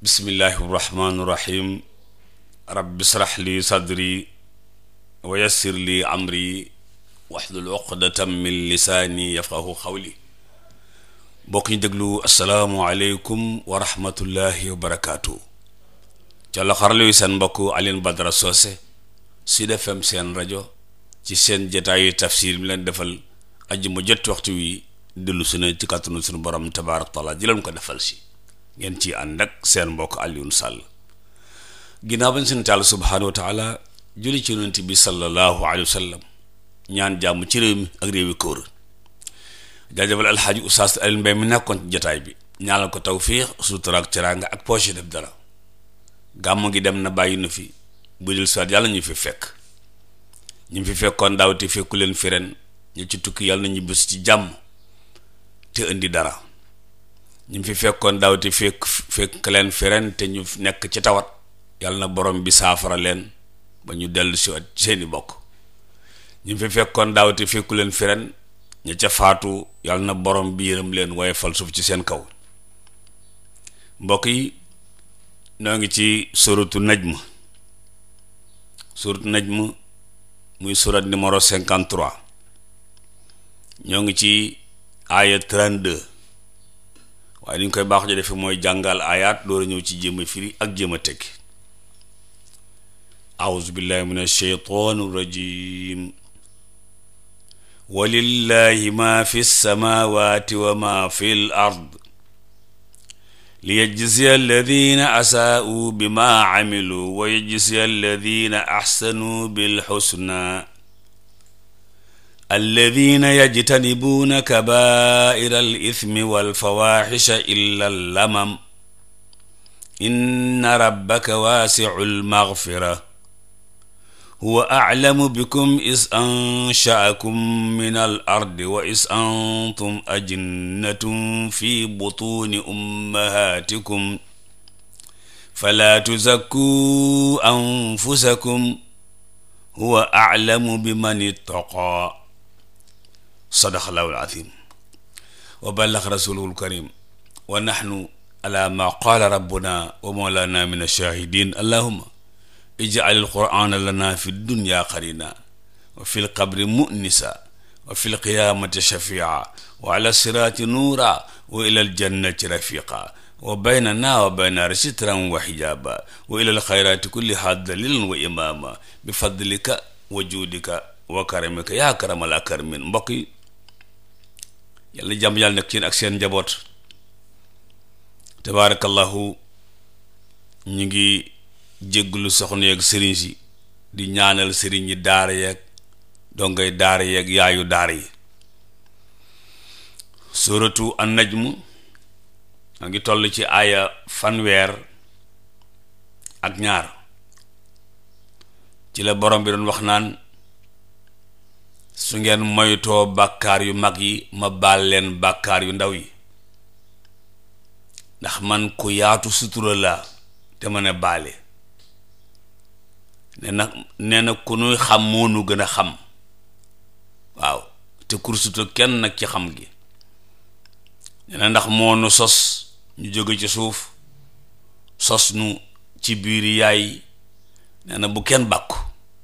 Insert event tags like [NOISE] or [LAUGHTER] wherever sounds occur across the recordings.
bismillahi irrahmani irrahim rabbi israh li sadri wa yassir li amri waxlul uqdatam min lisaani yafqahu xawli bokk ñu déglu asalaamualeykum wa rahmatullahi wa barakaatu ca loxarlu yu seen mbokk Alioune Badara Socé Sud FM seen rajo ci seen jataayu tafsir mi leen defal aji mu jot waxtu wi dellu su ne ci kàttanu sunu borom tabaaraka taala ji leen ko defal si ngeen ci ànd ak seen mbokk Alioune Sall ginnaaw bañ seen taal subhaanahu wa taala julli ci yonent bi sallallahu alayhi wa sallam ñaan jàmm ci réew mi ak réew yi mi nekkoon ci jotaay bi ñaanal ko tawfiix sutura ak teraanga ak dara gàmm ngi dem na bàyyi nu fi bu dul soit yàlla ñu fi fekk ñu fi fekkoon daaw te fekku leen fi ñu ci tukki yàlla na ñu bés ci jàmm te indi dara ñu fi fekkoon daaw te fekk fekk leen fi te ñu nekk ci tawat yàlla na borom bi saafara leen ba ñu dellu si at seeni bokk ñu fi fekkoon daaw te fekku leen fi ca faatu yàlla na borom bi yërëm leen waaye fal suuf ci seen kaw mbokk yi ñoo ngi ci suratu najm suratu najm muy surat numéro cinquante-trois ñoo ngi ci aaya 32 waa ni ñu koy baax ji defe mooy jàngal ayaat door a ñëw ci jéem a firi ak jéem a tekki auzu billahi min ma fi samawati wa ma fi l ard liyajziya alladina asaa'u bima amilu wa yajziya alladina ahsanu bil husna alladina yajtanibuuna kabaira al ithmi walfawaxisha illa allamam inna rabbaka waasicu lmagfira huwa aclamu bikum is anshaakum min al ardi wa is antum ajinnatum fi butuuni ummahatikum fala tuzakkuu anfusakum huwa aclamu biman ittaqaa sadaqallaahu al-aziim wa ballax rasuuluhu al-kariim wa naxnu ala ma qaala rabbuna wa mawlaana min ash-shaahidiin allahumma ij'al al-qur'aana lana fi dunya qarina wa fi l-qabri mu'nisa wa fi l-qiyaamati shafii'a wa ala siraati nuura wa ila al-jannati rafiiqa wa baynana wa bayna sitran wa hijaaba wa ila al-khayraati kullihaa daliilan wa imaama bi fadlika wa juudika wa karamika yaa akramal akramin mbokk yi yàlla jàmm yàlla nekk ci ak seen njaboot tabaarakallahu ñu ngi jégglu soxna yeeg sëriñ si di ñaanal sëriñ yi daara yeeg dongay daar yeeg yaayu daar yi suratu an najm a ngi toll ci aaya fanweer ak ñaar ci la borom bi doon wax naan su ngeen moytoo bàkkaar yu mag yi ma baal leen bàkkaar yu ndaw yi ndax man ku yaatu sutura la te mën a baale nee na nee na ku nuy xam nu gën a xam waaw te kursuta kenn nag ci xam gi nee na ndax moonu sos ñu jóge ci suuf sos nu ci biir yaay nee na bu kenn bàkku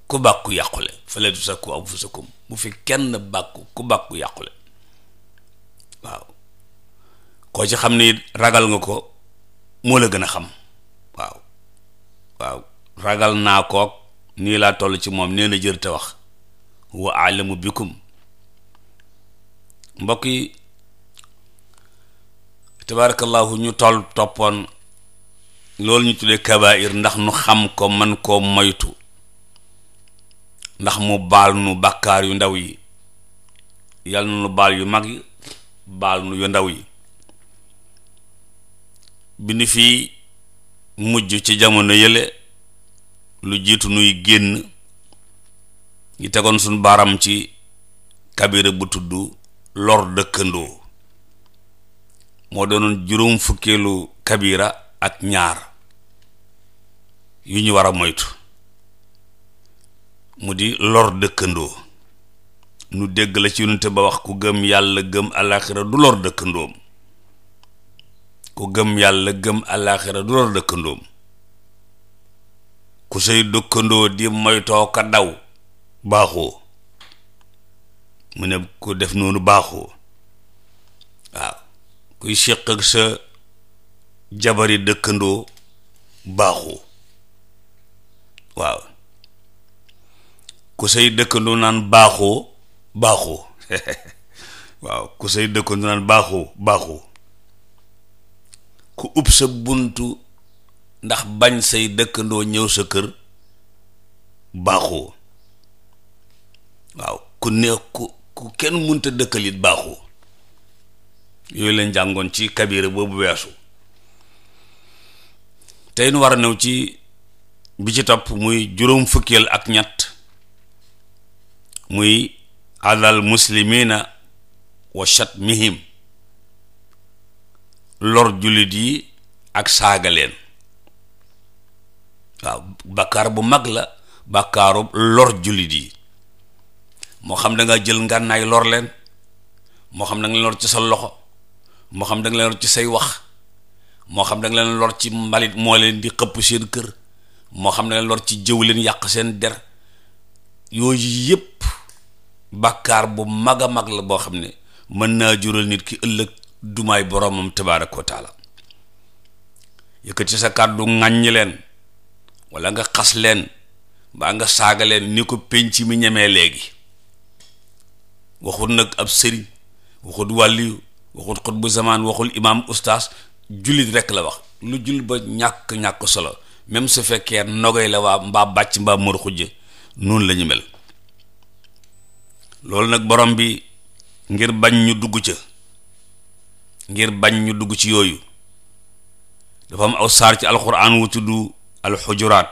ku bàkku yàqule faletu sa ku abu sa kum bu fi kenn bàkku ku bàkku yàqule waaw koo ci xam ni ragal nga ko moo la gën a xam waaw ragal naa kook nii laa toll ci moom nee na jër te wax wa alamu bikum mbokk yi tabarakallahu ñu toll toppoon loolu ñu tuddee kabair ndax nu xam ko man koo moytu ndax mu baal nu bàkkaar yu ndaw yi yal na nu baal yu mag yi baal nu yu ndaw yi bi nu fi mujj ci jamono yële lu jiitu nuy génn ñu tegoon suñ baaram ci kabira bu tudd lor dëkkandoo moo doonoon juróom fukkeelu kabira ak ñaar yu ñu war a moytu mu di lor dëkkandoo nu dégg la ci yonente ba wax ku gëm yàlla gëm alaaxira du lor dëkkandoom ku gëm yàlla gëm alaaxira du lor dëkkandoom ku sëy dëkkandoo di moytoo ka daw baaxoo mu ne ku def noonu baaxoo waaw kuy séq ak sa jabari dëkkandoo baaxoo waaw ku say dëkkandoo naan baaxoo baaxoo [LAUGHS] waaw ku say dëkkandoo naan baaxoo baaxoo ku ub sa buntu ndax bañ say dëkkandoo ñëw sa kër baaxoo waaw ku neex ku ku kenn munta dëkkalit baaxoo yooyu lañ njàngoon ci kabira boobu weesu tey nu war a new ci bi ci topp muy juróom fukkeel ak ñett muy alal muslimina wa shatmihim lor jullit yi ak saaga leen waaw bàkkaar bu mag la bàkkaaru lor jullit yi moo xam da jël ngànnaay lor leen moo xam da nga leen lor ci sa loxo moo xam da nga leen lor ci say wax moo xam da nga leen lor ci mbalit moo leen di xëpp seen kër moo xam da nga leen lor ci jëw leen yàq seen der yooyu yépp bàkkaar bu mag a mag la boo xam ne mën naa jural nit ki ëllëg dumaay boromam tabaaraka wa taala yëkkati sa kàddu ŋàññ leen walla nga xas leen baa nga saaga leen ni ko penc mi ñemee léegi waxut nag ab sëriñ waxut wàlliyu waxut xut bu zamaan waxul imaam ustaas jullit rekk la wax lu jul ba ñàkk-ñàkk solo même su fekkee nogay la waa mbaa bàcc mbaa mër xujje noonu la ñu mel loolu nag borom bi ngir bañ ñu dugg ca ngir bañ ñu dugg ci yooyu dafa am aw saar ci alxuraan wu tudd alxujuraat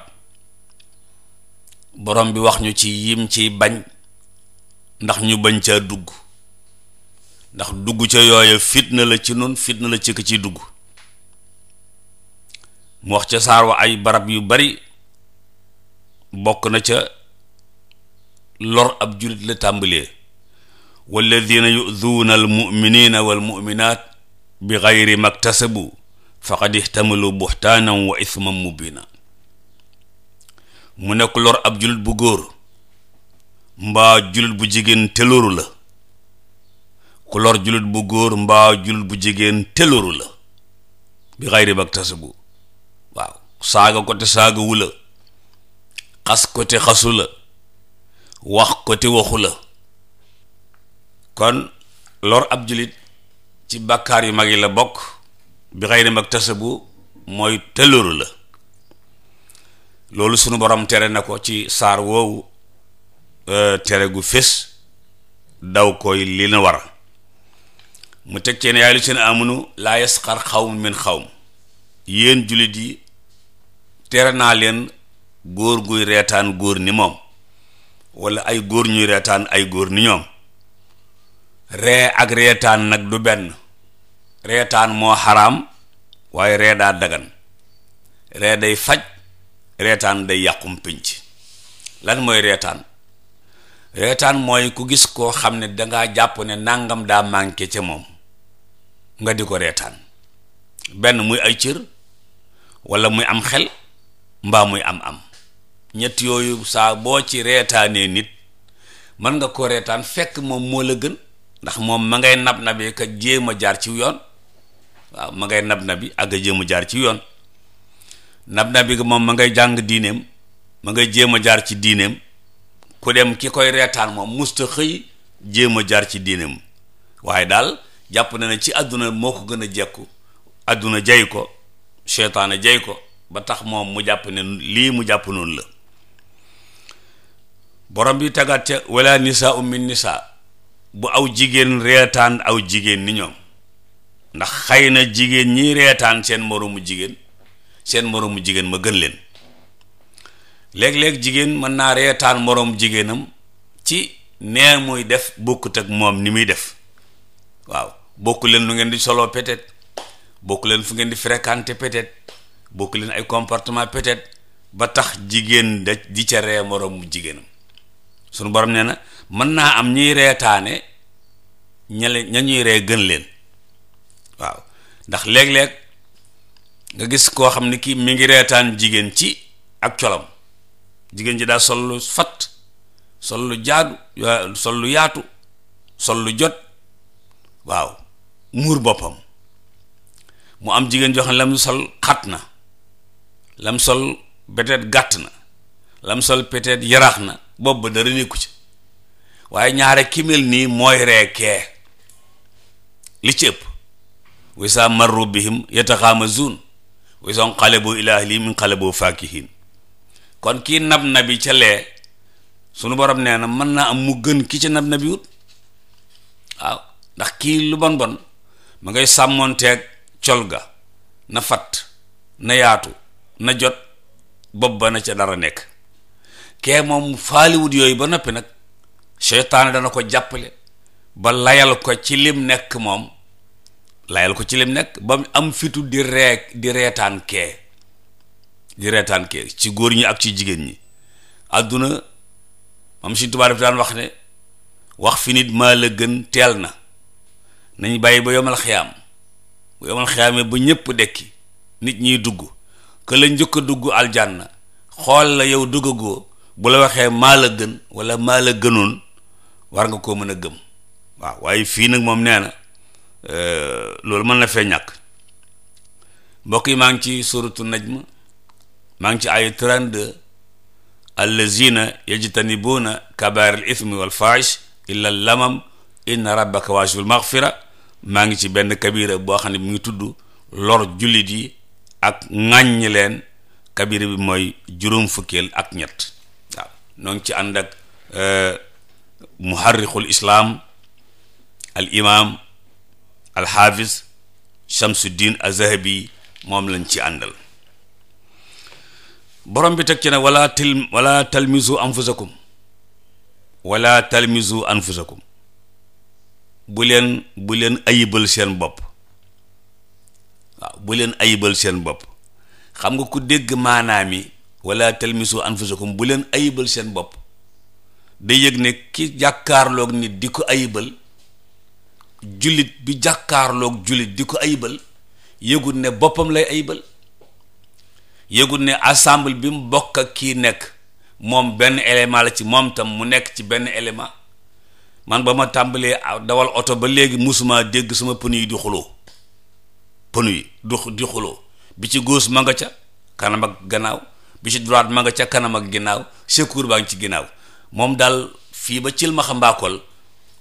borom bi wax ñu ci yim ciy bañ ndax ñu bañ caa dugg ndax dugg ca yooya fitna la ci nun fitna la ci ka ciy dugg mu wax ca saar wa ay barab yu bari bokk na ca lor ab jullit la tàmbalee walladina yuduuna al muminina wal muminat bi gayri maktasabu faqad ihtamalu buxtaanan wa ithman mubina mu nekk lor ab jullit bu góor mbaa jullit bu jigéen telóoru la ku lor jullit bu góor mba jullit bu jigéen telóoru la bi xayri maktasabu saaga ko te saaga wu la ko te xasu la wax ko te waxu la kon lor ab julit ci bàkkaar yu mag yi la bokk bi xëy na mag tasabu mooy tëlëru la loolu sunu borom tere na ko ci saar woowu euh, tere gu fés daw koy li na war mu teg ceen yaay lu seen amunu laa yasxar xawm min xawm yéen jullit yi tere naa leen góor guy reetaan góor ni moom walla ay góor ñuy reetaan ay góor ni ñoom ree ak reetaan nag du benn reetaan moo xaraam waaye ree daa dagan ree day faj reetaan day yàqum pénc lan mooy reetaan reetaan mooy ku gis koo xam ne dangaa jàpp ne nangam daa manqué ci moom nga di ko reetaan benn muy ay cër walla muy am xel mbaa muy am am ñett yooyu saa boo ci reetaanee nit mën nga ko reetaan fekk moom moo la gën ndax moom ma ngay nab nabi ka jéem a jaar ci yoon ma ngay nab nabi ak a jéem a jaar ci yoon nab nabi moom ma ngay jàng diineem ma ngay jéem a jaar ci diineem ku dem ki koy reetaan moom musta xëy jéem a jaar ci diineem waaye daal jàpp na ne ci àdduna moo ko gën a jekku àdduna jay ko seytaane jay ko ba tax moom mu jàpp ne lii mu jàpp noonu la borom bi tagaat ca wala nisaa um min nisaa bu aw jigéen reetaan aw jigéen ni ñoom ndax xëy na jigéen ñi reetaan seen moroomu jigéen seen moromu jigéen ma gën leen léeg-léeg jigéen mën naa reetaan moroomu jigéenam ci nee muy def bokkut ak moom ni muy def waaw bokku leen lu ngeen di solo peut-être bokku leen fu ngeen di fréquenter peut-être bokku leen ay comportement peut-être ba tax jigéen da di ca ree moroomu jigéenam sunu borom nee na mën naa am ñuy reetaane ña leen ña ñuy ree gën leen waaw ndax léeg-léeg nga gis koo xam ne kii mu ngi reetaan jigéen ci ak colam jigéen ji daa sol lu fat sol lu jaadu sol lu yaatu sol lu jot waaw muur boppam mu am jigéen jox xam ne lam sol xat na lam sol peut gàtt na lam sol peut-être yaraax na bopp ba dara nekku ci waaye ñaare kimel nii mooy reekee li ci ëpp wa sa marru bihim yataxaamazuun wa sa nqalabu ilaa ahlihim inqalabu faakihiin kon kii nab nabi ca lee sunu borom nee na mën naa am mu gën ki ca nab nabi wut waaw ndax kii lu bon bon ma ngay sàmmoonteeg col ga na fatt na yaatu na jot bopp ba na ca dara nekk kee moom faaliwut yooyu ba noppi nag seytaane dana ko jàppale ba layal ko ci lim nekk moom layal ko ci lim nekk ba mu am fitu di ree di reetaan kee di reetaan kee ci góor ñi ak ci jigéen ñi àdduna mam si tubaab daf daan wax ne wax fi nit maa la gën teel na nañ bàyyi ba yomal xiyaam yomal xiyaamee ba ñëpp dekki nit ñiy dugg que njëkk a dugg aljanna xool la yow duggagoo bu la waxee maala la gën wala maa la gënoon war nga koo mën a gëm waaw waaye fii nag moom nee na euh, loolu mën na fee ñàkk mbokk yi maa ngi ci suratu najm maa ngi ci ay 32 allazina yajtanibuna kabair al ithmi wal faahish illa lamam inna rabbaka waasiul maghfira maa ngi ci benn kabira boo xam ne mu ngi tudd lor jullit yi ak ŋàññ leen kabira bi mooy juróom fukkeel ak ñett nong ci ci ànd ak euh, muharrixul islaam al imaam al xaafis Shamsuddin Azahabi moom lañ ci àndal borom bi teg ci ne wala til wala talmizu anfusakum wala talmizu anfusakum bu leen bu leen ayibal seen bopp waaw bu leen ayibal seen bopp xam nga ku dégg maanaam yi wala talmisu anfusakum bu leen ayibal seen bopp da yëg ne ki jàkkaarloog nit di ko ayibal jullit bi jàkkaarloog jullit di ko ayibal yëgut ne boppam lay ayibal yëgut ne ensemble bi mu bokk ak kii nekk moom benn élément la ci moom tam mu nekk ci benn élément man ba ma tàmbalee dawal oto ba léegi musuma dégg suma pneu yi di xuloo pneu yi du di xuloo bi ci góos ma nga ca kanam ak gannaaw bi ci droite ma nga ca kanam ak ginnaaw secours baa ngi ci ginnaaw moom daal fii ba cil ma xam mbaakol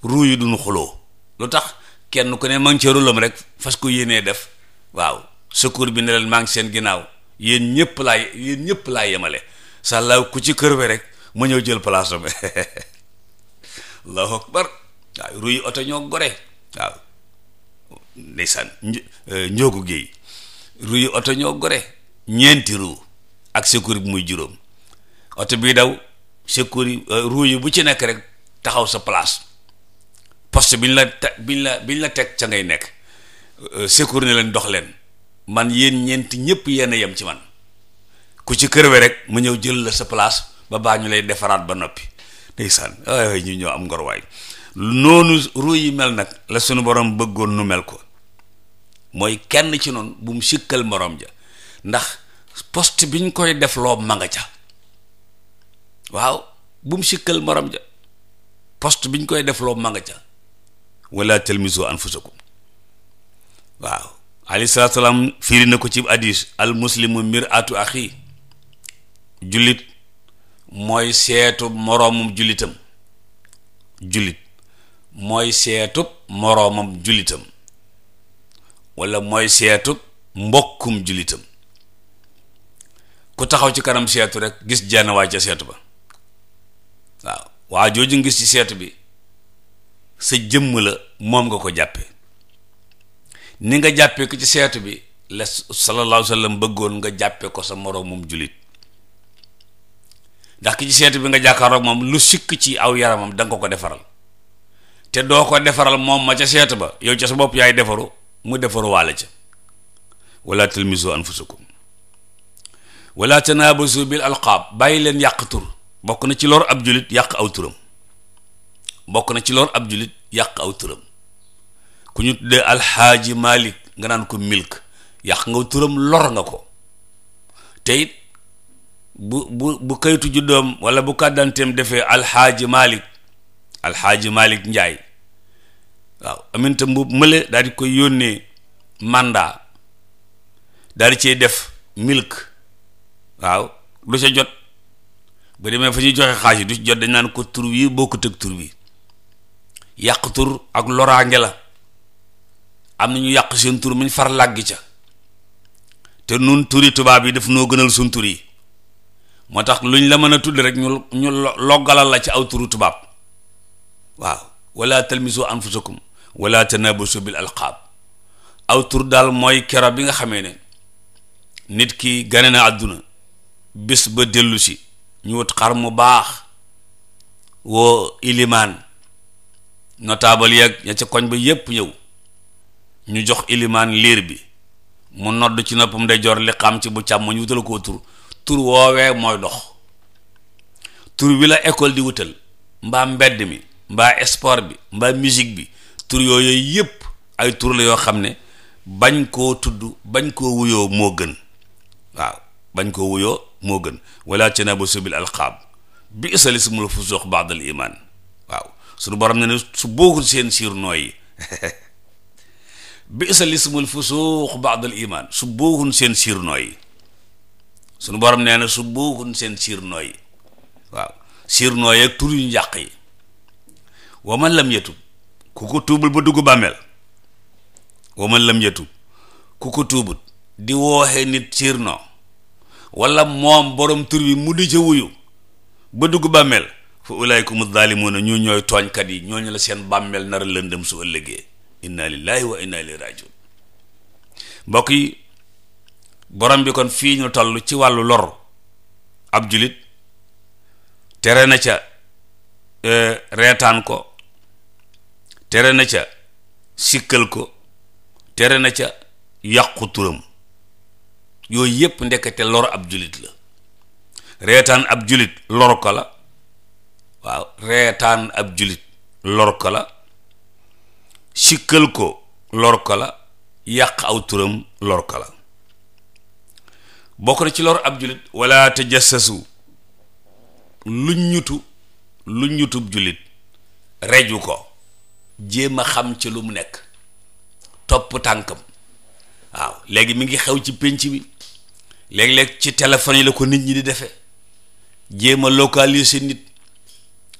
yi duñu xuloo lu tax kenn ku ne ma ngi ca rek fas ko yéenee def waaw secours bi ne maa ngi seen ginnaaw yéen ñëpp laa ñëpp laa yemale sàllaaw ku ci kër we rek ma ñëw jël place am [LAUGHS] allahu akbar waaw ruy oto ñoo gore waaw ndeysaan njoogu euh, géey ruy oto ñoo gore ñeenti ruu ak secours bi muy juróom oto bi daw secours yi euh, roue yi bu ci nekk rek taxaw sa place poste bi ñu la te bi ñu la bi la teg ca ngay nekk euh, secours ne leen dox leen man yéen ñeent ñëpp yéen yem ci man ku ci kërwe rek mu ñëw jël la sa place ba baa ñu lay defaraat ba noppi ndeysaan ay ñu ñëw am ngor noonu ruu yi mel nag la sunu borom bëggoon nu mel ko mooy kenn ci noonu bu mu sikkal morom ja ndax post biñ koy def loo ma nga ca waaw bu mu sikkal morom ja post biñ koy def loo ma nga ca walla talmizu anfusakum waaw alayhi salaatu salaam fiiri na ko ci hadis al muslimu mir'atu axi jullit mooy seetu moroomum jullitam jullit mooy seetub moroomam jullitam wala mooy seetub mbokkum jullitam ku taxaw ci kanam seetu rek gis jenn waay ca seetu ba waaw waa jooju ngis ci seetu bi sa jëmm la moom nga ko jàppe ni nga jàppe ko ci seetu bi la sallallahu alayhi wa sallam nga jàppe ko sa moroomum jullit ndax ki ci seetu bi nga jàkkaaroog moom lu sikk ci aw yaramam danga ko defaral te doo ko defaral moom ma ca seetu ba yow ca sa bopp yaay defaru mu defaru waale ca wala talmizu anfusakum naa ba tanaabasu bil alqaab bàyyi leen yàq tur bokk na ci lor ab julit yàq aw turam bokk na ci lor ab julit yàq aw turam ku ñu tuddee alxaaji malik nga naan ko milk yàq nga turam lor nga ko te it bu bu bu kayitu juddoom wala bu kàddanteem defee alxaaji malik alxaaji malik njaay waaw aminta mbubb mële daal koy yónnee mandat daal cee def milk waaw lu ca jot bu demee fu ñuy joxe xaaj yi du ci jot dañ naan ko tur wi bokkut ak tur bi yàq tur ak loraange la am na ñu yàq seen tur ñu far làggi ca te nun turi tubaab yi daf noo gënal suñ tur yi moo tax luñ la mën a tudd rek ñu ñu loggalal la ci aw tur tubaab waaw wala talmisu anfusakum wala tanabasu bil alqaab aw tur daal mooy kero bi nga xamee ne nit ki gane na àdduna bis ba dellusi ñu wut xar mu baax woo ilimaan notable yeeg ña ca koñ ba yépp ñëw ñu jox ilimaan liir bi mu nodd ci noppam day jor li xam ci bu càmm ñu wutal koo tur tur woowee mooy dox tur wi la école di wutal mbaa mbedd mi mbaa sport bi mbaa musique bi tur yooyu yépp ay tur la yoo xam ne bañ koo tudd bañ koo wuyoo moo gën waaw bañ koo wuyoo moo gën wala tanaabasu bil alqaab bi isal ismul fusuuq baadal iman waaw suñu borom ne ne su boogul seen siir nooyi bi isal seen siir nooyi suñu borom nee na su boogul seen siir nooyi waaw siir nooyi ak tur yu njàq yi wa lam yatub ku ko tuubut di wooxee nit siir noo wala moom borom tur bi mu di ca wuyu ba dugg bàmmeel fa ulaikum zalimuna ñu ñooy tooñkat yi ñooñu la seen bàmmeel nar a lëndëm su ëllëgee inna lillahi wa inna ilayhi rajiun mbokk yi borom bi kon fii ñu toll ci wàllu lor ab julit tere na ca e, reetaan ko tere na ca sikkal ko tere na ca yàqu turam yooyu yépp ndekete lor ab julit la reetaan ab julit lor ko la waaw reetaan ab julit lor ko la sikkal ko lor ko la yàq aw turam lor ko la bokk na ci lor ab julit wala tajassasu lu ñutu lu ñutub julit reju ko jéem a xam ci lu mu nekk topp tànkam waaw léegi mi ngi xew ci pénc bi léeg-léeg ci téléphone yi la ko nit ñi di defee jéem a localiser nit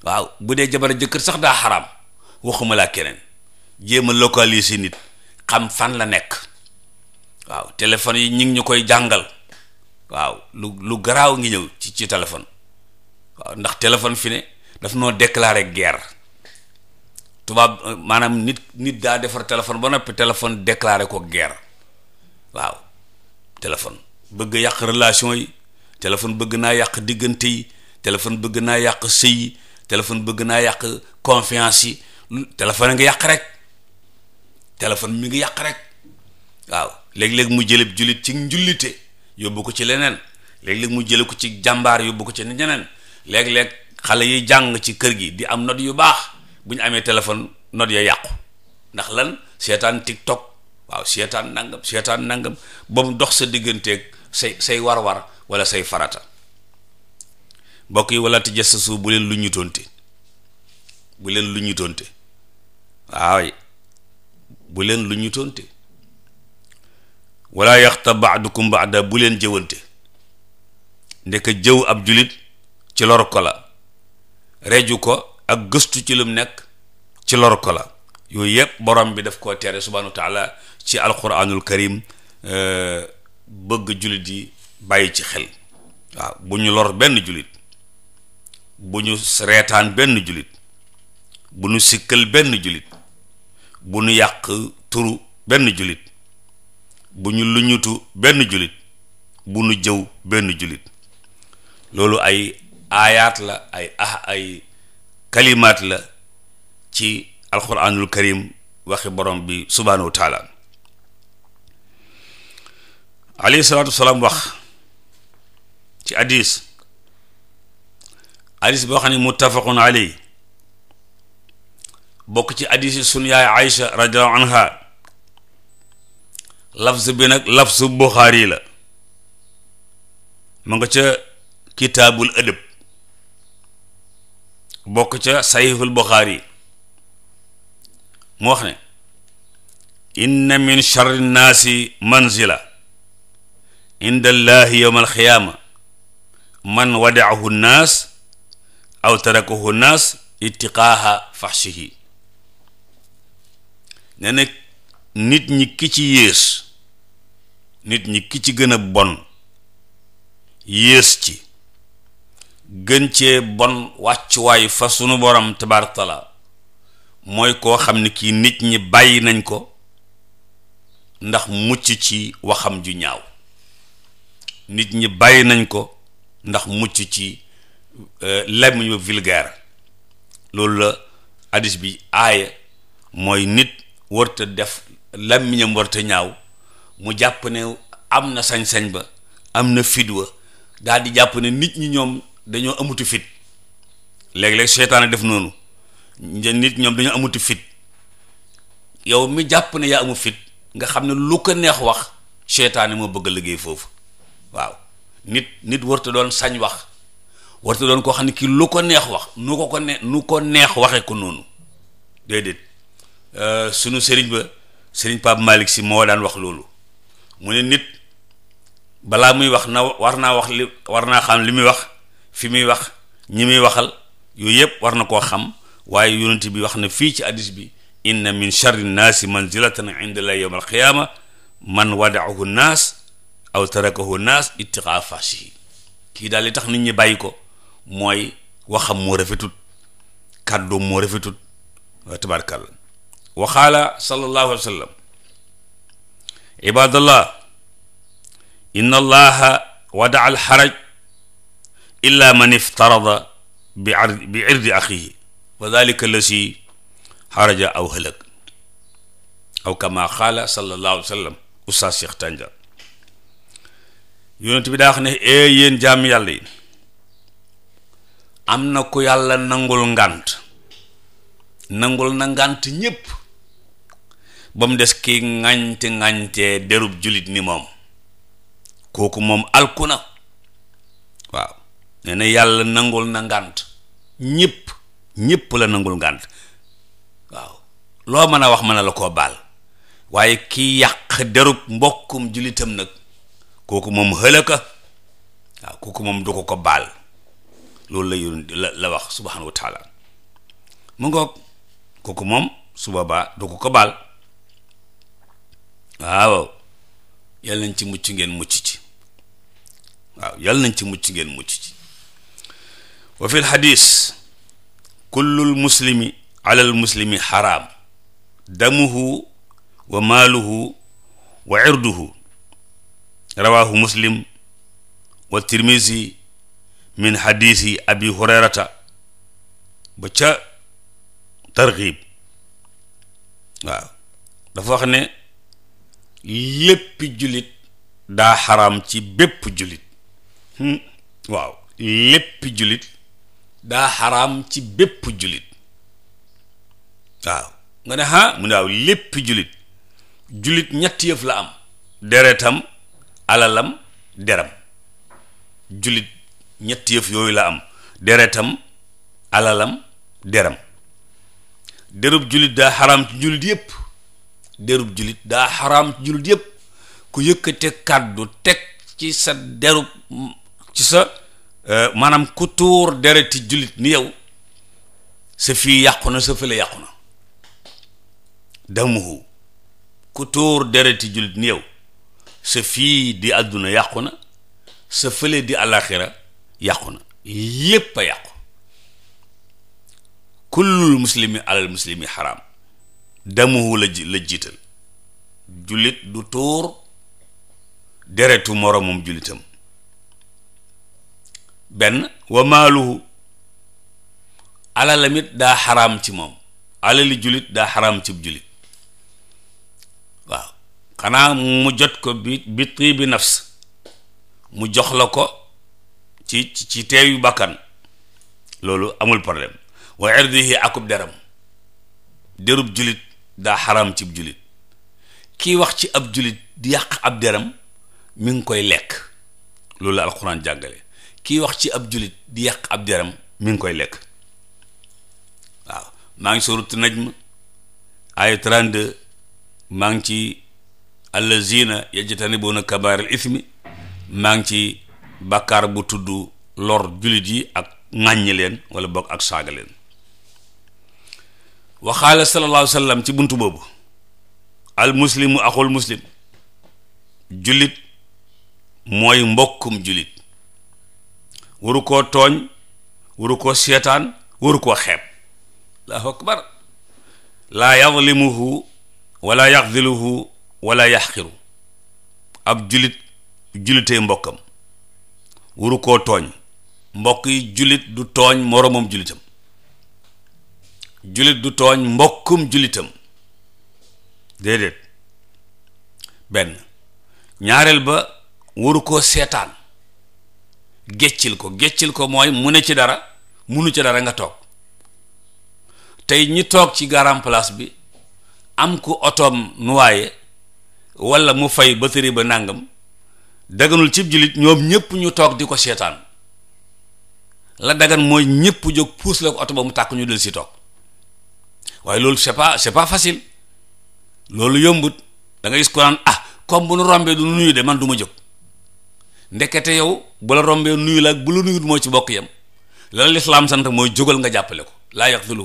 waaw bu dee jabar jëkkër sax daa xaraam waxuma laa keneen jéem a localiser nit xam fan la nekk waaw téléphone yi ñu ngi ñu koy jàngal waaw lu lu garaaw ngi ñëw ci ci téléphone waaw ndax téléphone fi ne daf noo déclarer guerre tubaab maanaam nit nit daa defar téléphone ba noppi téléphone déclarer ko guerre waaw téléphone bëgg yàq relation yi téléphone bëgg naa yàq diggante yi téléphone bëgg naa yàq sëy yi téléphone bëgg naa yàq confiance yi téléphone a ngi yàq rek téléphone mi ngi yàq rek waaw léeg-léeg mu jëleb jullit ci njullite yóbbu ko ci leneen léeg-léeg mu jële ko ci jàmbaar yóbbu ko ci ñeneen léeg-léeg xale yi jàng ci kër gi di am note yu baax bu ñu amee téléphone note ya yàqu ndax lan seetaan tiktok waaw seetaan nangam seetaan nangam ba dox sa digganteeg say say war-war wala say farata mbokk yi wala tajassasu bu leen lu ñu tonte bu leen lu ñu tonte waaw bu leen lu ñu tonte wala yaxtab baadukum baada bu leen jëwante ndeka jëw ab julit ci lor ko la reju ko ak gëstu ci lu mu nekk ci lor ko la yooyu yëpp borom bi daf koo tere subhaanahu wa taala ci alquranul karim euh, bëgg jullit yi bàyyi ci xel waaw bu ñu lor benn jullit bu ñu reetaan benn jullit bu ñu sikkal benn jullit bu ñu yàq turu benn jullit bu ñu luñutu benn jullit bu ñu jëw benn jullit loolu ay aayaat la ay ah ay kalimaat la ci alquranul karim waxi borom bi subhanahu wa alayhi salaatu wasalaam wax ci adis hadis boo xam ne muttafaqun alayhi bokk ci adis yi sunu yaay Aïcha radiallahu anha lafz bi nag lafzu la ma nga ca kitaabul ëdëb bokk ca saxiixul Buxaari mu wax ne inna min charri nnaasi manzila inda allahi yowma alxiyaama man wadaahu nnaas aw tarakahu nnaas ittiqaaha faxshihi ne na nit ñi ki ci yées nit ñi ki ci gën a bon yées ci gën cee bon wàccuwaay fa sunu borom tabaaraka taala mooy koo xam ni kii nit ñi bàyyi nañ ko ndax mucc ci waxam ju ñaaw nit ñi bàyyi nañ ko ndax mucc ci euh, lamiñ ba vulgaire loolu la hadis bi aaya mooy nit warta def lamiñam warta ñaaw mu jàpp ne am na sañ-sañ ba am na fit wa daal di jàpp ne nit ñi ñoom dañoo amutu fit léeg-léeg seytaane def noonu nit ñoom dañoo amutu fit yow mi jàpp ne yaa amu fit nga xam ne lu ko neex wax seytaane moo bëgg a liggéey foofu waaw nit nit warta doon sañ wax warta doon koo xam ne kii lu ko neex wax nu ko ko ne ko neex waxe ko noonu déedéet euh, sunu sëriñ ba sëriñ Pape Malick si moo daan wax loolu mu ne nit balaa muy wax na war naa wax li war naa xam li muy wax fi muy wax ñi muy waxal yooyu yëpp war na koo xam waaye yonent bi wax na fii ci hadis bi in min charri nnaasi manzilatan inda llahi yawm alqiyaama man wadaahu naas aw tarakahu naas ittiqaa fahshihi kii daal li tax nit ñi bàyyi ko mooy waxam moo rafetut kàddu moo rafetut tabarkalla wa qaala sallallahu alayhi wa sallam ibadallah inna allaha wadaa al xaraj illa man iftarada bi bi irdi axihi wa dalika la si xaraja aw hëlëg aw kama qaala sallallahu alayhi wa sallam oustaz Cheikh Tanja yonent bi daa wax ne ee eh, yéen jaam yàlla yi am na ko yàlla nangul ngànt nangul na ngànt ñépp ba mu des ki ngànte ngàntee derub jullit ni moom kooku moom alku na waaw nee na yàlla nangul na ngànt ñépp ñépp la nangul ngànt waaw loo mën a wax mën a la koo baal waaye ki yàq derub mbokkum jullitam nag kooku moom xëlëka waaw kooku moom du ko ko baal loolu la yón la wax subhanahu wa taala mu ngoog kooku moom su boobaa du ko ko baal waaw yàlla nañ ci mucc ngeen mucc ci waaw nañ ci mucc ngeen mucc ci wa fi lxadis kullul muslimi alal muslimi xaraam damuhu wa maaluhu wa irduhu rawaahu muslim wa tirmisi min hadisi abi hurayrata ba ca tarxiib waaw dafa wax ne léppi hmm? jullit daa xaraam ci bépp jullit waaw daa xaraam ci bépp nga ne ha mu ne waaw léppi jullit jullit ñett yëf la am deretam alalam deram jullit ñetti yëf yooyu la am deretam alalam deram derub jullit daa xaraam ci jullit yëpp derub jullit daa xaraam ci jullit yëpp ku yëkkate kàddu teg ci sa derub ci sa euh, maanaam ku tuur dereti jullit ni yow sa fii yàqu na sa fële yàqu na damuhu ku tuur dereti jullit ni yow sa fii di àdduna yàqu na sa fële di alaxira yàqu na yépp a yàqu kullul muslimi alal muslimi xaraam damuhu la la jiital jullit du tuur deretu moromum jullitam benn wa maaluhu alalamit daa xaraam ci moom alali jullit daa xaraam ci jullit xanaa mu jot ko bi bi tiibi nafs mu jox la ko ci ci teeyu bàkkan loolu amul problème wa irdihi akub deram derub julit daa xaram ci julit kii wax ci ab julit di yàq ab deram mu ngi koy lekk loolu la alxuraan jàngale kii wax ci ab julit di yàq ab deram mi ngi koy lekk waaw maa ngi suuratu najm aaya 32 maa ngi ci allazina yajtanibuuna kabaaral ithmi maa ngi ci bàkkaar bu tudd lor julit yi ak ŋàññi leen wala bokk ak saaga leen waxaale sallallahu alayhi ci buntu boobu al muslimu axul muslim jullit mooy mbokkum julit waru koo tooñ waru ko seetaan waru koo xeeb allahu akbar laa yadlimuhu wala yaxdiluhu wala yaxqiru ab julit julitee mbokkam wuru koo tooñ mbokk yi julit du tooñ moroomam julitam julit du tooñ mbokkum julitam déedéet benn ñaareel ba waru koo seetaan geccil ko geccil ko mooy mu ne ci dara munu ci dara nga toog tey ñi toog ci garan place bi am ku otoom nuwaaye wala mu fay ba tëri ba nàngam daganul cib jullit ñoom ñëpp ñu toog di ko seetaan la dagan mooy ñëpp jóg puus la ko oto ba mu tàkk ñu del si toog waaye loolu c'est pas c'est pas facile loolu yombut danga nga gis ko naan ah comme bu nu rombee du nuyu de man du ma jóg ndekete yow bu la rombee nuyu la bu la nuyut mooy ci bokk yam loolu lislaam sant mooy jógal nga jàppale ko laa yaqdulu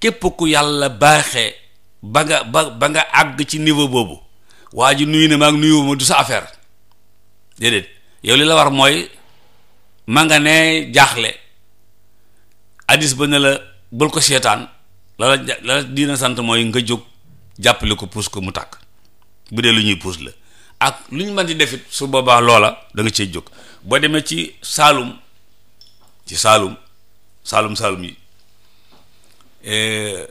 képp ku yàlla baaxee ba nga ba ba nga àgg ci niveau boobu waa ji nuyu na maa ngi nuyu ma du sa affaire déedéet yow li la war mooy ma nga ne jaaxle addis ba ne la bul ko seetaan la la diina dina sant mooy nga jóg jàppale ko puus ko mu tàkk bu dee lu ñuy puus la ak lu ñu mën di defit su boobaa loola da nga cee jóg boo demee ci saalum ci saalum saalum saalum yi eh,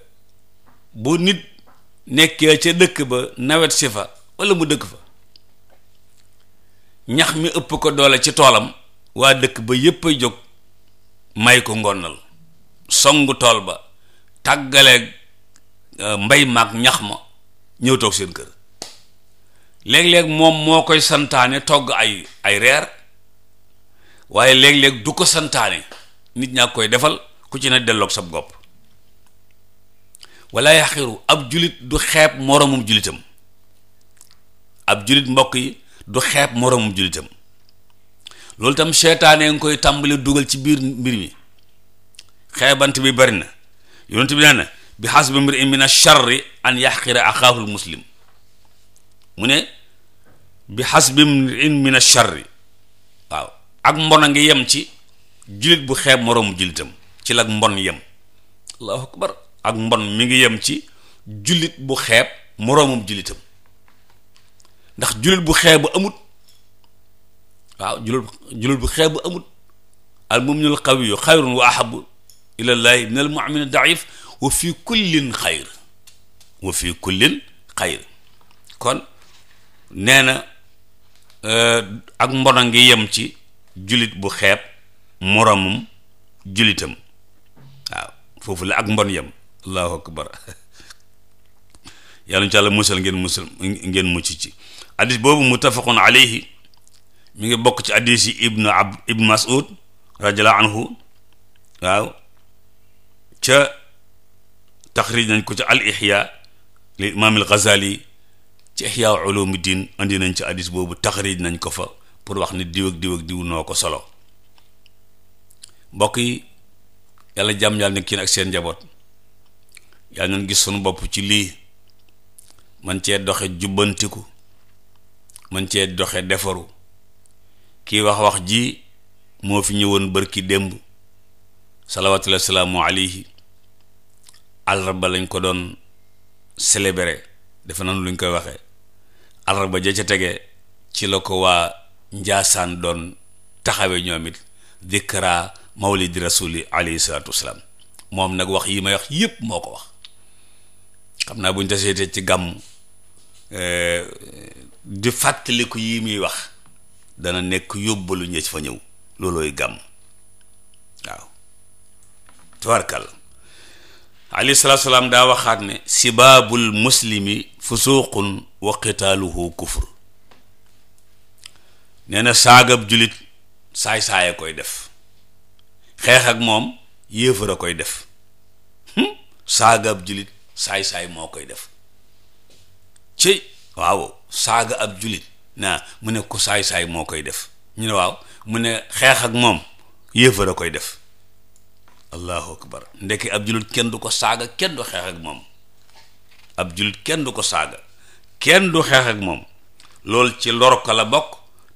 bu nit nekkee ca dëkk ba nawet si fa walla mu dëkk fa ñax mi ëpp ko doole ci toolam waa dëkk ba yépp a jóg may ko ngonnal songu tool ba tàggaleeg euh, mbay maag ñax ma ñëw toog seen kër léeg-léeg moom moo koy santaane togg ay ay reer waaye léeg-léeg du ko santaane nit ñaa koy defal ku ci ne delloog sab gopp wala yaxiru ab julit du xeeb moroomum julitam ab julit mbokk yi du xeeb moroomum julitam loolu tam seetaane nga koy tàmbali dugal ci biir mbir mi xeebant bi bari na yonent bi nee na bi xasbi mbir in min acharri an yaxqira axaahul muslim mu ne bi xasbi mbir in min acharri waaw ak mbon a ngi yem ci julit bu xeeb moroomu julitam ci la mbon yem ak mbon mi ngi yem ci jullit bu xeeb moroomum jullitam ndax jullit bu xeeb bu amut waaw jullit jullit bu xeeb bu amut al muminul qawiyu wa fi kullin xayr wa fi kullin xayr kon nee na eh, ak mbon a ngi yem ci jullit bu xeeb moroomum jullitam waaw foofu la ak mbon yem allahu akbar yàlla ñu ci àlla musal ngeen musal ngeen mucc ci addis boobu muttafaqun alayhi mi ngi bokk ci addis yi ibnu ab ibnu mas'ud radiallahu anhu waaw ca taxrij nañ ko ci al ihya li imaam al ghazali ci ihya ulumuddin andi nañ ci addis boobu taxrij nañ ko fa pour wax ni diw ak diw ak diw noo ko solo mbokk yi yàlla jàmm yàlla nekk ci ak seen njaboot yàlla nañ gis sunu bopp ci lii man cee doxe jubbantiku man cee doxe defaru kiy wax wax ji moo fi ñëwoon bërki démb salawaatullahi salaamu alayhi àllarba lañ ko doon célébrer defe nañu luñ koy waxee àllarba ja a tege ci la ko waa njaasaan doon taxawee ñoom it dikra mawlidi rasuli alayhi salaatu wasalaam moom nag wax yi may wax yépp moo ko wax xam naa buñ ñu tasee ci gàmm euh, di fàttaliku yi muy wax dana nekk yóbbalu ñëc fa ñëw loolooy gàmm waaw tabarkal alayhi salaatu salaam daa waxaat ne sibaabul muslimi fusuuqun wa qitaaluhu kufr nee na saagab julit saay saay a koy def xeex ak moom yéefar a koy def hm? saagab julit saay-saay moo koy def ci waaw saaga ab julit naa mu ne ko saay-saay moo koy def ñu ne waaw mu ne xeex ak moom yéefar a koy def allahu akbar ndekki ab julit kenn du ko saaga kenn du xeex ak moom ab julit kenn du ko saaga kenn du xeex moom loolu ci lor la bokk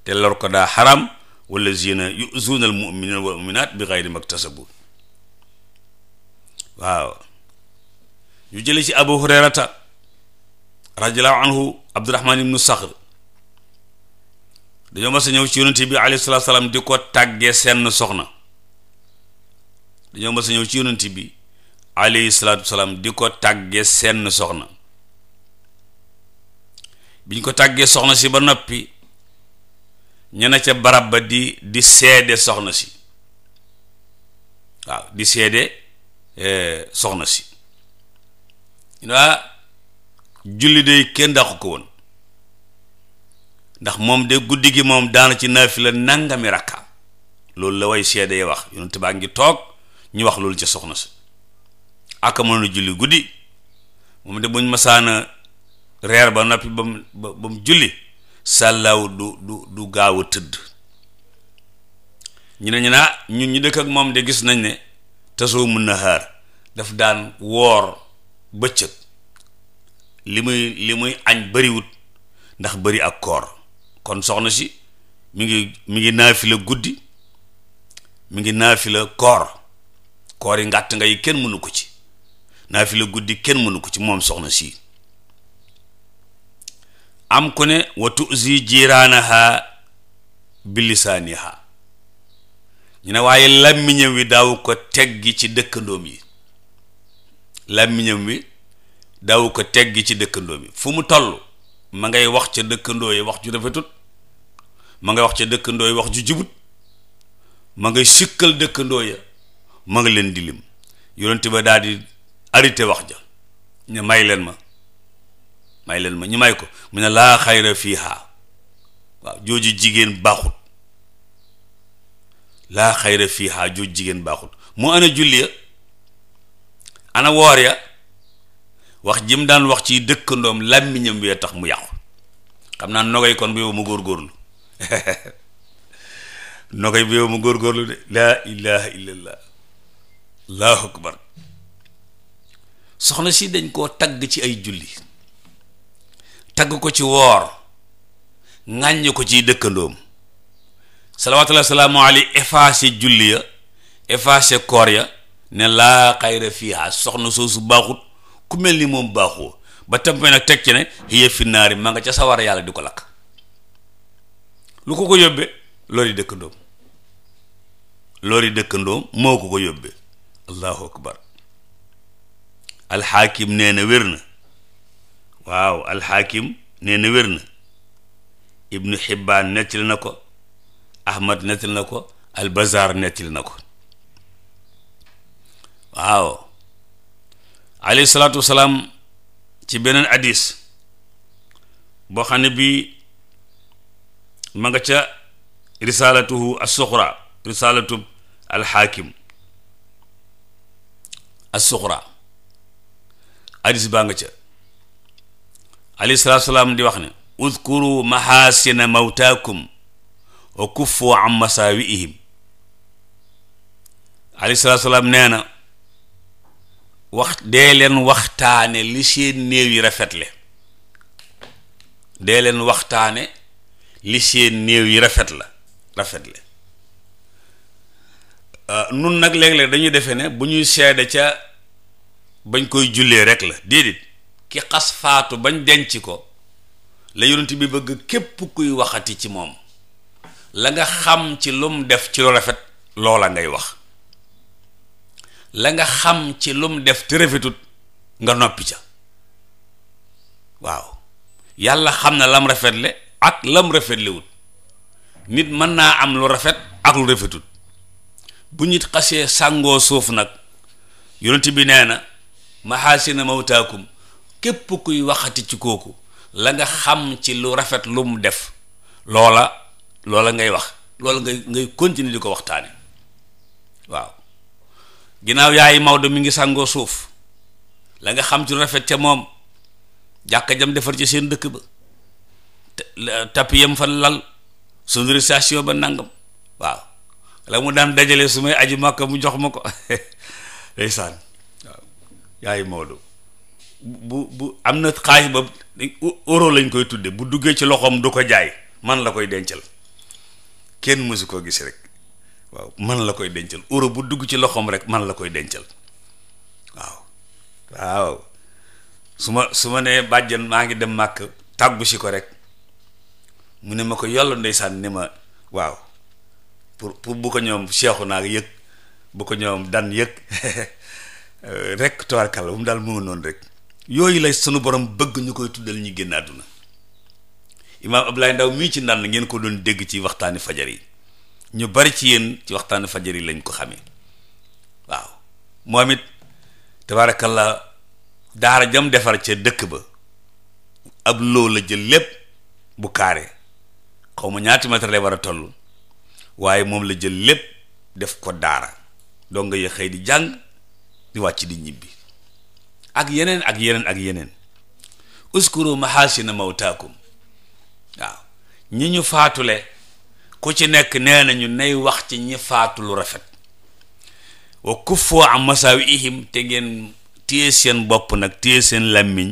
te lor ko daa xaram wala zina yuzuuna al mu wal muminat bi xayri maktasabu waaw ñu jële ci abu hurayrata radiallahu anhu abdurahman ibnu saxr dañoo mas a ñëw ci yonente bi alayhi salatu salaam di ko tàggee seen soxna dañoo mas a ñëw ci yonente bi alayhi salatu salaam di ko soxna biñ ko tàggee soxna si ba noppi ña ne ca barab ba di di seede soxna si waaw di seede eh, soxna si ñu ah, julli day kenn dàqu ko woon ndax moom de guddi gi moom daana ci naafila nangami rakka loolu la wax yonent baa ngi toog ñu wax loolu ca soxna si ak mënoon guddi moom de buñ masaana ba noppi julli sàllaaw du gaaw a tëdd ñu ne ñu naa ah, ñun ñu dëkk moom de gis nañ ne tasoo mun na xaar daf daan woor bëccëg limuy muy li muy añ bariwut ndax bari ak koor kon soxna si mi ngi mi ngi naafila guddi mi ngi naafila koor koor yi ngàtt nga yi kenn mënu ko ci naafila guddi kenn mënu ko ci moom soxna si am ku ne wa tuzi jiraanaha bilisaaniha ñu ne waaye làmmiñam wi daaw ko teg gi ci dëkkandoom yi làmmiñam wi daaw ko teggi ci dëkkandoo bi fu mu toll ma ngay wax ca dëkkandoo yi wax ju rafetut ma ngay wax ca dëkkandoo wax ju jubut ma ngay sikkal dëkkandoo ya ma nga leen di lim yonent ba daal di arrêté wax ja ñu may leen ma may leen ma ñu may ko mu ne laa xayra fiihaa waaw jooju jigéen baaxut laa xayra fiihaa jooju jigéen baaxut moo ana julli ya ana woor ya wax jim daan wax ci dëkkandoom làmmiñam wee tax mu yàqu xam naa nogay kon bu yow mu góorgóorlu [LAUGHS] nogay bu yow mu góorgóorlu de laa ilaha illallah allahu akbar soxna si dañ koo tagg ci ay julli tagg ko ci woor ŋàññ ko ciy dëkkandoom salawatullahi salaamu aley effacé julli ya effacé koor ya ne laa xayra fiiha soxna soosu baaxut ku mel ni moom baaxoo ba tamit nag teg ci ne hiya fi naari ma nga ca sawar yàlla di ko lakk lu ko ko yóbbee loolu yi dëkkandoom loolu yi dëkkandoom moo ko ko yóbbee allahu akbar alxaakim nee na wér na waaw alxaakim nee na wér na ibnu xibbaan nettali na ko ahmad na ko albazaar nettali na ko waaw alayhi salaatu wasalaam ci beneen hadis boo xam ne bii ma nga ca risalatuhu as-suxra risalatu alxaakim as-suxra hadis baa nga ca alayhi salaam di wax ne udkuru mahasina mawtaakum wa kuffu an masaawiihim alayhi salaatu wasalaam nee na wax dee leen waxtaane li seen néew yi rafetle dee leen waxtaane li seen néew yi rafet la rafetle euh, nun nag léeg-léeg dañuy defe ne bu ñuy seede ca bañ koy jullee rek la déedéet ki xas faatu bañ denc ko la yonent bi bëgg képp kuy waxati ci moom la nga xam ci lum def ci lu rafet loola ngay wax la nga xam ci lu mu def te rafetut nga noppi ca waaw yàlla xam na lam rafetle ak lam rafetlewut nit mën naa am lu rafet ak lu rafetut bu nit xasee sàngoo suuf nag yonent bi nee na maxaasina mawtaakum képp kuy waxati ci kooku la nga xam ci lu rafet lu mu def loola loola ngay wax loola ngay ngay continuer di ko waxtaane waaw ginnaaw yaay Maodo mi ngi sàngoo suuf la nga xam ci rafet ca moom jàkka jam defar ci seen dëkk ba tapi yam fa lal sonorisation ba nangam waaw la mu daan dajale su may aju màkka mu jox ma ko [LAUGHS] ndeysaan waaw yaay Maodo bu bu am na xaalis ba euro lañ koy tudde bu duggee ci loxoom du ko jaay man la koy dencal kenn mësu koo gis rek waaw man la koy dencal euro bu dugg ci loxoom rek man la koy dencal waaw waaw su ma su ma nee bàjjan maa ngi dem màkk tàggu si ko rek mu ne ma ko yàlla ndeysaan ni ma waaw pour pour bu ko ñoom seexu naa yëg bu ko ñoom dan yëg [LAUGHS] rek tubaarkàlla bu mu daal mu noonu rek yooyu lay sunu borom bëgg ñu koy tuddal ñu génn àdduna imaam Abdoulaye Ndaw mii ci ndànn ngeen ko doon dégg ci waxtaani fajar yi ñu bari ci yéen ci waxtaanu fajar yi lañ ko xamee waaw moom it tabaarakallaa daara jam defar ca dëkk ba ab loo la jël lépp bu kaare xaw ma ñaati mètre lay war a toll waaye moom la jël lépp def ko daara doo nga xëy di jàng di wàcc di ñibbi ak yeneen ak yeneen ak yeneen uskuru mahasina mawtaakum waaw ñi ñu faatule ku ci nekk nee nañu nay wax ci ñi faatu lu rafet wa kuffoo am masaawi ihim te ngeen téye seen bopp nag téye seen làmmiñ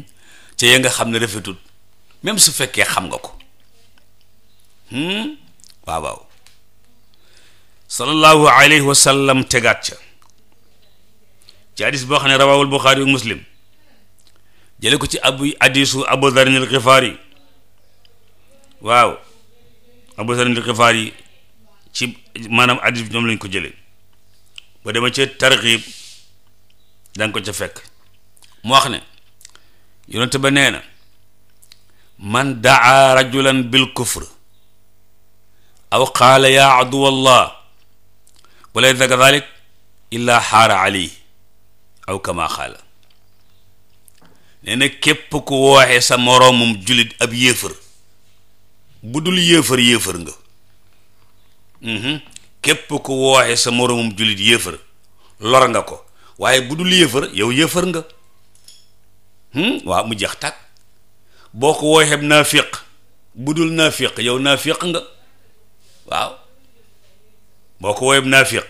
ca ya nga xam ne rafetul même su fekkee xam nga ko hmm? waaw waaw sallallahu alayhi wa sallam ca ci hadis boo xam ne rawaawul buxaari muslim jële ko ci abu hadisu abu darnil xifaari waaw abu sarin al xifaar yi ci maanaam addis bi ñoom lañ ko jëlee ba dema ca tarxiib danga ko ca fekk mu wax ne yonente ba nee na man daa rajulan bil kufr aw qaala ya aduw allah walaysa kadalik illa xaara alayhi aw kama xaala nee na képp ku wooxee sa moroomum jullit ab yéefër bu dul yéefar yéefar nga mhm. képp ku wooxe sa moroomum julit yéefar lor nga ko waaye bu dul yéefar yow yéefar nga hmm? waaw mu jeex tàkk boo ko wooxeeb naafiq bu dul naafiq yow naafiq nga waaw boo ko wooxeeb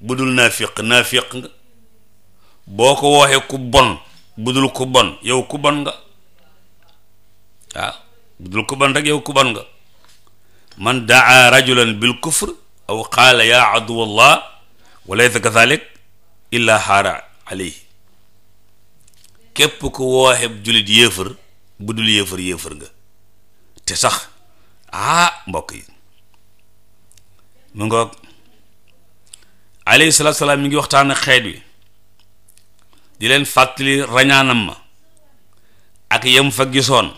bu dul naafiq naafiq nga boo ko wooxee ku bon bu dul ku bon yow ku bon nga waaw budul ku bon rek yow ku bon nga man daa rajulan bil kufr aw qaala ya aduwallah wa laysa kadalik illa xaara alayhi képp ku wooxeb julit yéefar bu dul yéefar nga te sax ah mbokk yi mu ngoog alayhi salaam mi ngi waxtaan ak xeet wi di leen fàttali rañaanam ma ak yem fa gisoon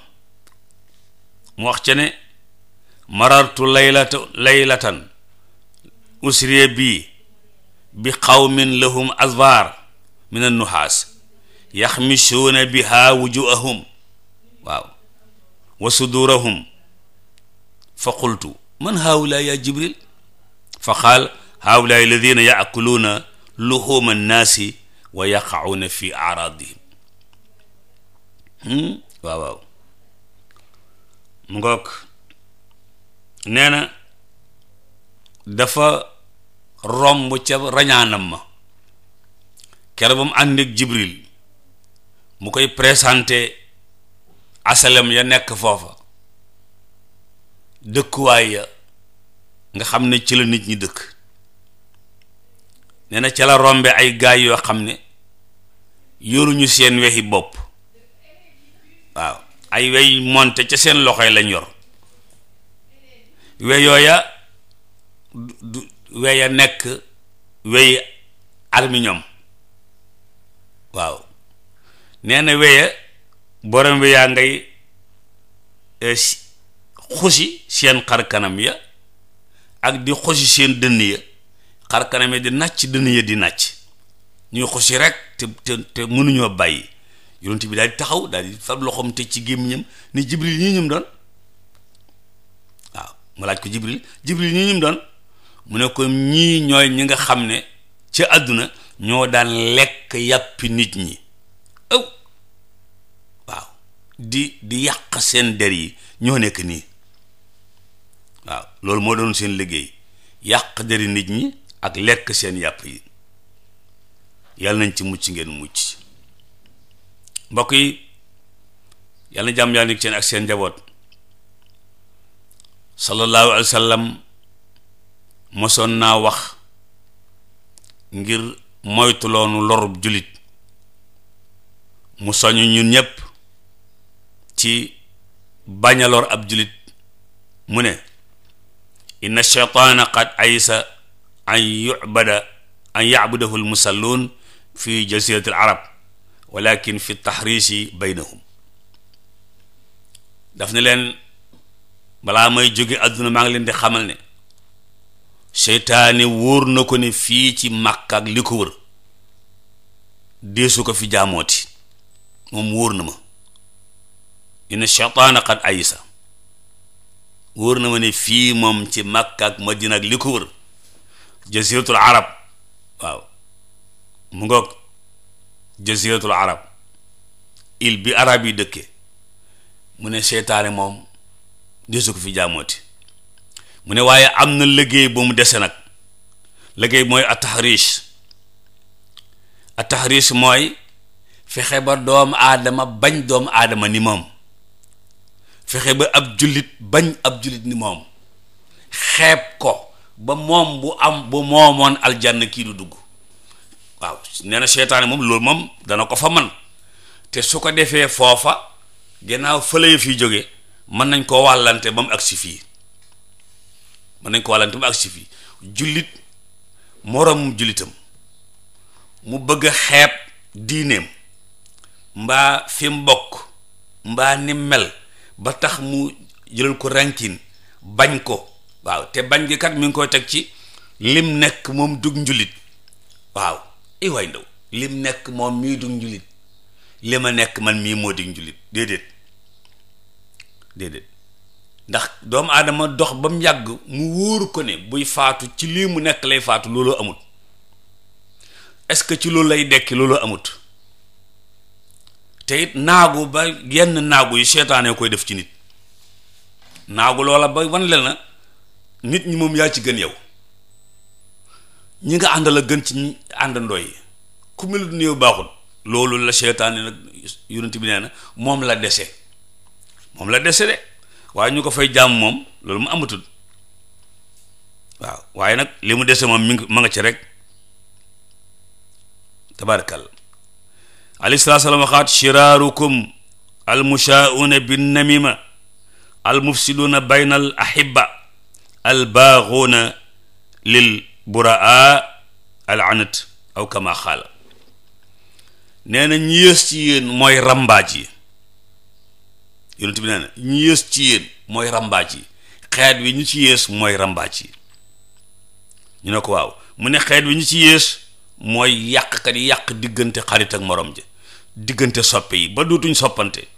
mu wax ca ne marartu laylata laylatan usriya bii bi qawmin lahum azbar min annuhaas yaxmishuuna biha wujuhahum waaw wa sudurahum fa qultu man haula ya jibril fa qaal haula alladina yaakuluuna luhuma annaasi wa yaqacuuna fi acraadihim hmm? waaw waaw mu ngoog nee na dafa romb ca rañaanam ma kere ba mu ànd ak jibril mu koy présenté asalam ya nekk foofa dëkkuwaay ya nga xam ne ci la nit ñi dëkk nee na ca la rombe ay gaa yoo xam ne yoruñu seen wexi bopp waaw ay wey monte ca seen loxoy lañ yor weyooya du weya nekk wey aluminium waaw nee na weya borom bi yaa ngay eh, xusi seen xar kanam ya ak di xusi seen dënn ya xarkanam kanam ya di nàcc dënn ya di nàcc ñuy xusi rek te te te mënuñoo bàyyi yonent bi daal di taxaw daal di fab loxoom tëj ci gémmiñam ni jibril ñi ñum doon waaw ma laaj ko jibril jibril ñii ñum doon mu ne ko ñii ñooy ñi nga xam ne ci àdduna ñoo daan lekk yàppi nit ñi ëw di di yàq seen der yi ñoo nekk nii waaw loolu moo doon seen liggéey yàq deri nit ñi ak lekk seen yàpp yi yàlla nañ ci mucc ngeen mucc mbokk yi yàlla na jàmm yàlla seen ak seen njaboot sallallahu alayhi wa mosoon naa wax ngir moytuloonu lorub jullit mu soñu ñun ñépp ci bañ a ab jullit mu ne inna shaytaana qad aysa an yubada an yabudahu lmusalluun fi jaziratil arab walakin fi taxriisi baynahum daf na leen balaa may jóge àdduna maa ngi leen di xamal ne seytaane wóor na ko ni fii ci Makka ak li ko wër ko fi jaamooti moom wóor na ma inna shaytaana qad ayisa wóor na ma ni fii moom ci Makka ak Madina ak li ko arab mu ngoog jaziratul arab il bi arab yi dëkkee mu ne seytaane moom desu ko fi jaamooti mu ne waaye am na liggéey bu mu desee nag liggéey mooy ataxriis ataxriis mooy fexe ba doomu aadama bañ doomu aadama ni moom fexe ba ab jullit bañ ab jullit ni moom xeeb ko ba moom bu am bu moomoon aljanna kii du dugg waaw nee na moom loolu moom dana ko fa man te su ko defee foofa gannaaw fële fi jóge mën nañ koo wàllante ba mu agsi fii mën nañ ko wàllante ba mu agsi jullit moroomum jullitam mu bëgg a xeeb diineem mbaa fi mu bokk mbaa ni mel ba tax mu jëlal ko rankin bañ ko waaw te bañ gi kat mi ngi koy teg ci lim nekk moom dug njullit waaw i waay ndaw lim nekk moom mii du njulit li ma nekk man mii moo di njulit déedéet déedéet ndax doomu aadama dox ba mu yàgg mu wóor ko ne buy faatu ci lii mu nekk lay faatu loolu amut est-ce que ci loolu lay dekki loolu amut te naagu ba yenn naagu yi seetaanee koy def ci nit naagu loola ba wan na nit ñi moom yaa ci gën yow ñi nga àndal a gën ci àndandoo yi ku melut néew baaxul loolu la seytaane nag yonent bi nee na moom la dese moom la dese de waaye ñu ko fay jàmm moom loolu mu amatul waaw waaye nag li mu dese moom mi ngi ma nga ci rek tabaarakalla alayhi salaatu salaam waxaat shiraarukum almushaa'uuna bin namima almufsiduuna bayna al ahibba albaaxuuna lil buraa al anat aw kama xaala nee na ñi yées ci yéen mooy rambaaj yi ci mooy rambaaj yi xeet wi ñu mooy rambaaj yi ñu ne ko waaw mu ne xeet wi ñu ci yées mooy yàqkat yi yàq diggante xarit ak morom ji diggante soppe yi ba dootuñ soppante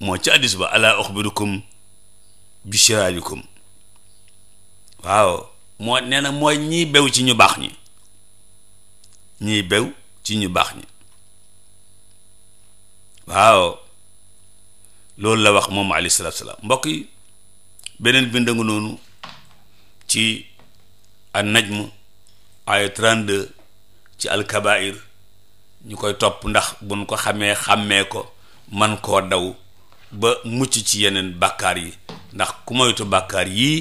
moo ci addis ba ala uxbirukum bi waaw moo nee na mooy ñii bew ci ñu baax ñi ñii bew ci ñu baax ñi waaw loolu la wax moom alayhi salaatu salaam mbokk yi beneen bind nga noonu ci an najm ay 32 ci alkabair ñu koy topp ndax buñ ko xamee xàmmee ko man koo daw ba mucc ci yeneen bàkkaar yi ndax ku moytu bàkkaar yii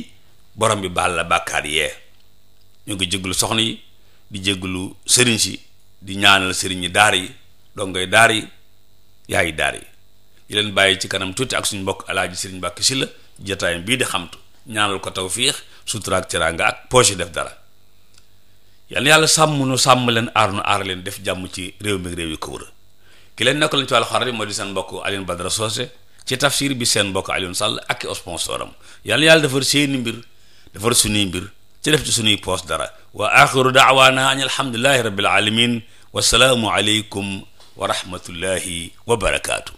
borom bi baal la bàkkaar yee ñu ngi jégalu soxna yi di jégalu sëriñ si di ñaanal sëriñ yi daar yi dongoy daar yi yaayi daar yi di leen bàyyi ci kanam tuuti ak suñ mbokk alaaji sëriñ Mbàkke si la jotaayam bii di xamtu ñaanal ko tawfiix sutura ak teraanga ak poche def dara yal yàlla sàmm sàmm leen aar nu aar leen def jàmm ci réew mi yi ko wër ki leen nekk lañ ci moo di seen mbokk Alioune Badara Socé ci tafsir bi seen mbokk Alioune Sall ak i sponsoram yal na yàlla defar seeni mbir. defar suñuy mbir ci def ci suñuy poos dara wa axiru daawaana an alhamdulillahi rabbil alamin wasalaamu aleykum wa rahmatullahi wa barakaatu